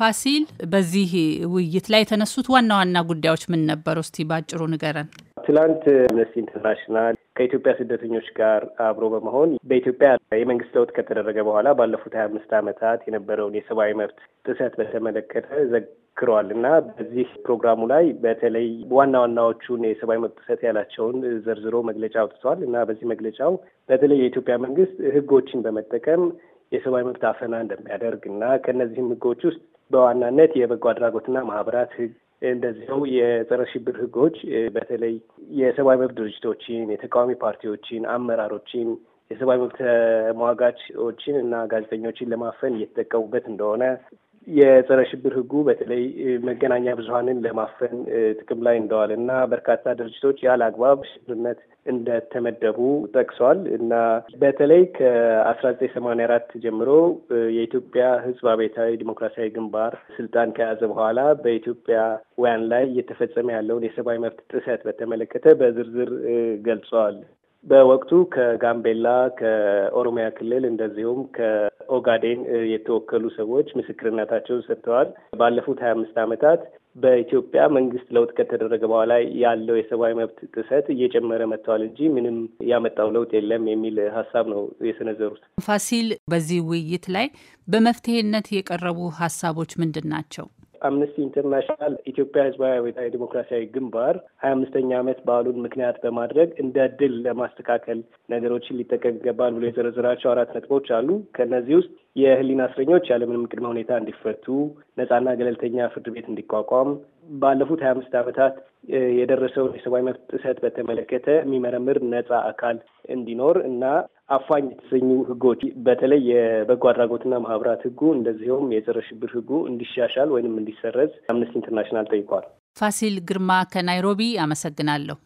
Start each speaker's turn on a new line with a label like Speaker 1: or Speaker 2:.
Speaker 1: ፋሲል፣ በዚህ ውይይት ላይ የተነሱት ዋና ዋና ጉዳዮች ምን ነበሩ? እስቲ ባጭሩ ንገረን።
Speaker 2: ትላንት አምነስቲ ኢንተርናሽናል ከኢትዮጵያ ስደተኞች ጋር አብሮ በመሆን በኢትዮጵያ የመንግስት ለውጥ ከተደረገ በኋላ ባለፉት ሀያ አምስት ዓመታት የነበረውን የሰብአዊ መብት ጥሰት በተመለከተ ዘክረዋል እና በዚህ ፕሮግራሙ ላይ በተለይ ዋና ዋናዎቹን የሰብአዊ መብት ጥሰት ያላቸውን ዘርዝሮ መግለጫ አውጥተዋል እና በዚህ መግለጫው በተለይ የኢትዮጵያ መንግስት ህጎችን በመጠቀም የሰብአዊ መብት አፈና እንደሚያደርግ እና ከእነዚህም ህጎች ውስጥ በዋናነት የበጎ አድራጎትና ማህበራት ህግ እንደዚሁ የጸረ ሽብር ህጎች በተለይ የሰብአዊ መብት ድርጅቶችን፣ የተቃዋሚ ፓርቲዎችን፣ አመራሮችን፣ የሰብአዊ መብት ተሟጋቾችን እና ጋዜጠኞችን ለማፈን እየተጠቀሙበት እንደሆነ የጸረ ሽብር ህጉ በተለይ መገናኛ ብዙሀንን ለማፈን ጥቅም ላይ እንደዋል እና በርካታ ድርጅቶች ያለ አግባብ ሽብርነት እንደተመደቡ ጠቅሰዋል እና በተለይ ከአስራ ዘጠኝ ሰማንያ አራት ጀምሮ የኢትዮጵያ ህዝብ አብዮታዊ ዲሞክራሲያዊ ግንባር ስልጣን ከያዘ በኋላ በኢትዮጵያውያን ላይ እየተፈጸመ ያለውን የሰብአዊ መብት ጥሰት በተመለከተ በዝርዝር ገልጸዋል። በወቅቱ ከጋምቤላ ከኦሮሚያ ክልል እንደዚሁም በኦጋዴን የተወከሉ ሰዎች ምስክርነታቸውን ሰጥተዋል። ባለፉት ሀያ አምስት ዓመታት በኢትዮጵያ መንግስት ለውጥ ከተደረገ በኋላ ያለው የሰብአዊ መብት ጥሰት እየጨመረ መጥተዋል እንጂ ምንም ያመጣው ለውጥ የለም የሚል ሀሳብ ነው የሰነዘሩት።
Speaker 1: ፋሲል፣ በዚህ ውይይት ላይ በመፍትሄነት የቀረቡ ሀሳቦች ምንድን ናቸው?
Speaker 2: አምነስቲ ኢንተርናሽናል ኢትዮጵያ ህዝባዊ አብዮታዊ ዲሞክራሲያዊ ግንባር ሀያ አምስተኛ ዓመት በዓሉን ምክንያት በማድረግ እንደ ድል ለማስተካከል ነገሮችን ሊጠቀም ይገባል ብሎ የዘረዘራቸው አራት ነጥቦች አሉ። ከእነዚህ ውስጥ የህሊና እስረኞች ያለምንም ቅድመ ሁኔታ እንዲፈቱ ነጻና ገለልተኛ ፍርድ ቤት እንዲቋቋም ባለፉት ሀያ አምስት ዓመታት የደረሰውን የሰብአዊ መብት ጥሰት በተመለከተ የሚመረምር ነጻ አካል እንዲኖር እና አፋኝ የተሰኙ ህጎች በተለይ የበጎ አድራጎትና ማህበራት ህጉ እንደዚሁም የጸረ ሽብር ህጉ እንዲሻሻል ወይንም እንዲሰረዝ አምነስቲ ኢንተርናሽናል ጠይቋል።
Speaker 1: ፋሲል ግርማ ከናይሮቢ አመሰግናለሁ።